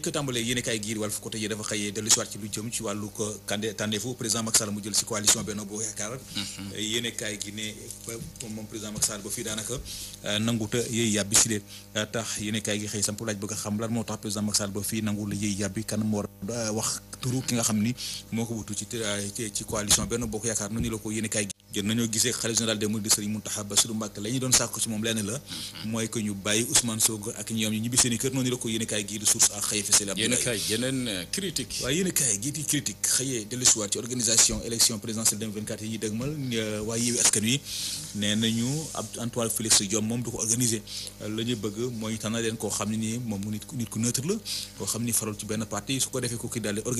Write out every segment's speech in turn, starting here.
dañ ko tàmbalee yéen a kaay giir wàllu côté yi dafa xëyee dellu siwaat ci lu jëm ci wàllu euh, kande tànneefu président Macky Sall mu jël si coalition Benno Bokk Yaakaar mhm. yéen gi ne moom président Macky ba fii daanaka euh, nanguta yëy yàbbi si lee euh, tax yéen gi xëy samp laaj bëgg xam lan moo tax président Macky Sall ba fii nangu la yëy yàbbi kanam war wax turu ki nga xam ni moo ko wutu ci ci coalition benn bokk yaakaar na la ko yéene kaay jot nañoo gisee xalifa général des mourides Serigne Mountakha Bassirou Mbacké la ñu doon sàkku ci moom lenn la ko yéene kaay gii critique waaye yéene kaay euh, ci organisation élection présidentielle 2024 yi ñuy dëgmal euh, waaye yeewi askan wi nee nañu ab Antoine Félix Diome moom du ko organiser la bëgg mooy tànn leen koo xam ne moom nit nit ku neutre la koo xam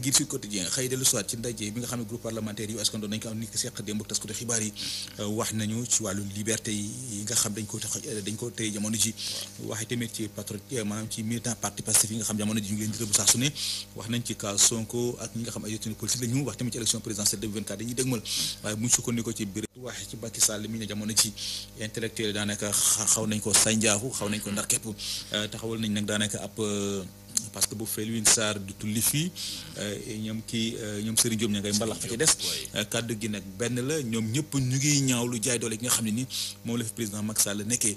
guide Sud Quotidien xëy dellu soit ci ndaje bi nga xam ne groupe parlementaire yu askan nañ ko am nit ki seq démb xibaar yi euh, wax nañu ci wàllu liberté yi nga xam dañ ko euh, dañ ko tey jamono ji waxee tamit ci patron euh, maanaam ci militant parti Pastef yi nga xam jamono ji ñu ngi leen di rëbb saa wax nañ ci cas Sonko ak ñi nga xam ay détenus politiques la ñu wax tamit ci élection présidentielle 2024 dañuy dégmal waaye bu ñu sukkandikoo ci biir waxee ci Macky Sall mi ne jamono ci intellectuel daanaka xaw nañ ko sànjaaxu xaw nañ ko ndar taxawal nañ nag daanaka ab parce que bu Felwine Sarr du tulli fii euh, ñoom kii euh, ñoom Serigne Diop ña ngay mbalax fa ci des euh, kàddu gi nag benn la ñoom ñëpp ñu ngi ñaaw lu jaay doole gi nga xam ne ni moom la fi président Macky Sall nekkee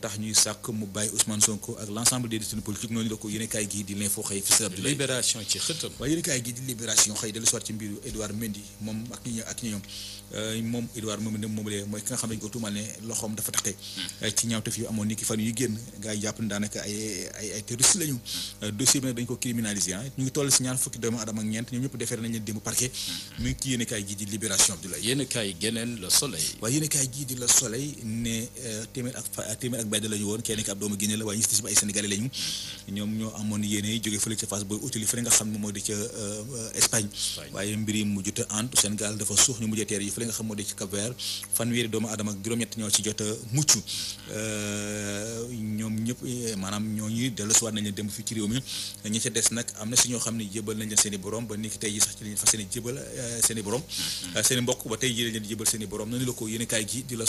tax ñuy sàkk mu bàyyi Ousmane Sonko ak l' ensemble des détenus politiques noonu la ko yéen kaay gii di ci xëtam waaye moom ak moom mooy ki xam ne ko tuumal ne loxoom dafa taqee hmm. ci ñaawtef yu amoon ni ki fan yu génn gaa jàpp ne daanaka ay ay ay terroriste lañu hmm. Euh, dossier bi nag dañ ko criminalisé ah ñu ngi toll si ñaar fukki doomu adama ak ñeent ñoom ñëpp defeere nañ leen démb parquet mm-hmm. mu ngi ci yéen kaay gii di libération Abdoulaye yéen kaay geneen le soleil waaye yéen kaay gii di le euh, la woon kenn ki ab doomu la waaye ñu si mm-hmm. ñoo amoon yéene jóge fële ca Fass booy utali fële moo di ca euh, waaye mbir yi mujjuta ant Sénégal dafa suux ñu mujjee teer yi fële nga xam moo di ca Cap Vert fanweeri doomu adama ak juróom-ñett ñoo ci jota mucc mm-hmm. ñoom ñëpp eh, maanaam ñu dellu si waat nañ leen dem fi ci réew mi ñooñu ñi ca des nag am na si ñoo xam ne jébal nañ leen seen i ba ni tey sax ci lañ fas yéene jébal euh, seen i borom mm-hmm. euh, mbokk ba tey ji lañ leen di jébal seen i borom la ko yéene kaay gi di